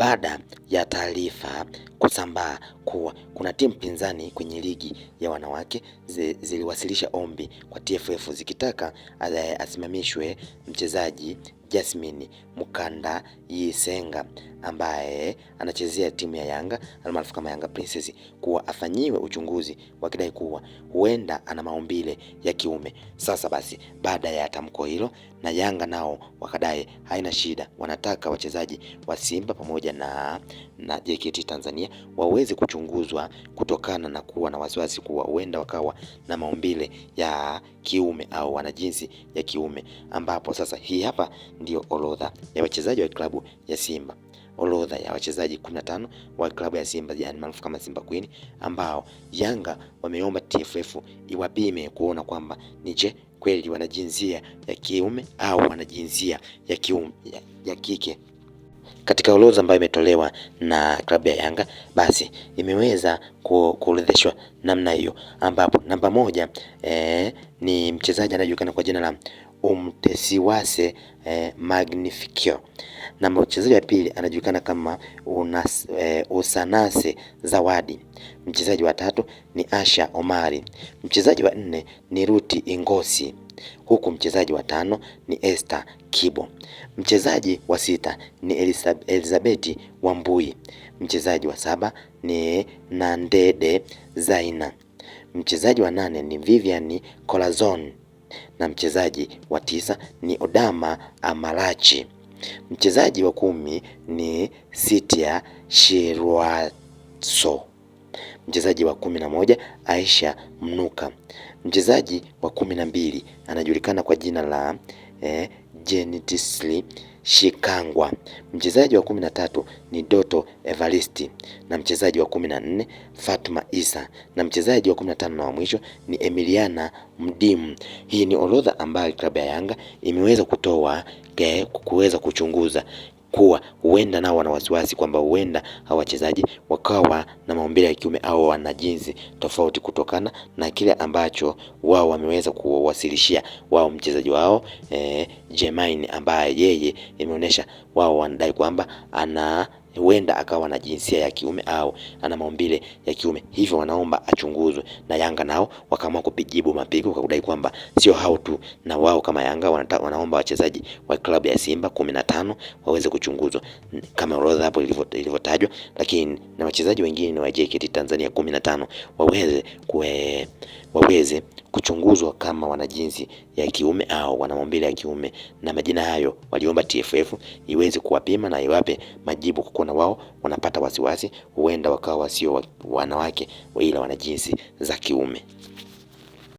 baada ya taarifa kusambaa kuwa kuna timu pinzani kwenye ligi ya wanawake ziliwasilisha ombi kwa TFF zikitaka asimamishwe mchezaji Jasmine Mukanda Yisenga ambaye anachezea timu ya Yanga almaarufu kama Yanga Princess kuwa afanyiwe uchunguzi wakidai kuwa huenda ana maumbile ya kiume. Sasa basi, baada ya tamko hilo, na Yanga nao wakadai haina shida, wanataka wachezaji wa Simba pamoja na na JKT Tanzania waweze kuchunguzwa kutokana na kuwa na wasiwasi kuwa huenda wakawa na maumbile ya kiume au wana jinsi ya kiume, ambapo sasa hii hapa ndio orodha ya wachezaji wa klabu ya Simba orodha ya wachezaji 15 wa klabu ya Simba yani maarufu kama Simba Queen, ambao Yanga wameomba TFF iwapime kuona kwamba ni je, kweli wana jinsia ya kiume au wana jinsia ya kiume ya, ya kike katika orodha ambayo imetolewa na klabu ya Yanga, basi imeweza kuorodheshwa namna hiyo, ambapo namba moja eh, ni mchezaji anayejulikana kwa jina la Umtesiwase eh, Magnifico. Namba mchezaji wa pili anajulikana kama unas, eh, Usanase Zawadi. Mchezaji wa tatu ni Asha Omari. Mchezaji wa nne ni Ruti Ingosi huku mchezaji wa tano ni Esther Kibo, mchezaji wa sita ni Elizabeth Wambui, mchezaji wa saba ni Nandede Zaina, mchezaji wa nane ni Vivian Colazon na mchezaji wa tisa ni Odama Amarachi. Mchezaji wa kumi ni Sitia Shirwaso. Mchezaji wa kumi na moja Aisha Mnuka. Mchezaji wa kumi na mbili anajulikana kwa jina la eh, Jenitisli Shikangwa. Mchezaji wa kumi na tatu ni Doto Evaristi na mchezaji wa kumi na nne fatma Isa na mchezaji wa kumi na tano na wa mwisho ni Emiliana Mdimu. Hii ni orodha ambayo klabu ya Yanga imeweza kutoa eh, kuweza kuchunguza kuwa huenda nao wana wasiwasi kwamba huenda hawa wachezaji wakawa na maumbile ya kiume au wana jinsi tofauti kutokana na kile ambacho wao wameweza kuwasilishia wao mchezaji wao e, Jermaine ambaye yeye imeonyesha wao wanadai kwamba ana huenda akawa na jinsia ya kiume au ana maumbile ya kiume, hivyo wanaomba achunguzwe. Na Yanga nao wakaamua kupijibu mapigo kwa kudai kwamba sio hao tu, na wao kama Yanga wanata, wanaomba wachezaji wa klabu ya Simba kumi na tano waweze kuchunguzwa kama orodha hapo ilivyotajwa, lakini na wachezaji wengine wa JKT Tanzania kumi na tano waweze kue, waweze kuchunguzwa kama wana jinsi ya kiume au wana maumbile ya kiume, na majina hayo waliomba TFF iweze kuwapima na iwape majibu wako na wao wanapata wasiwasi, huenda wakawa sio wanawake ila wana jinsi za kiume.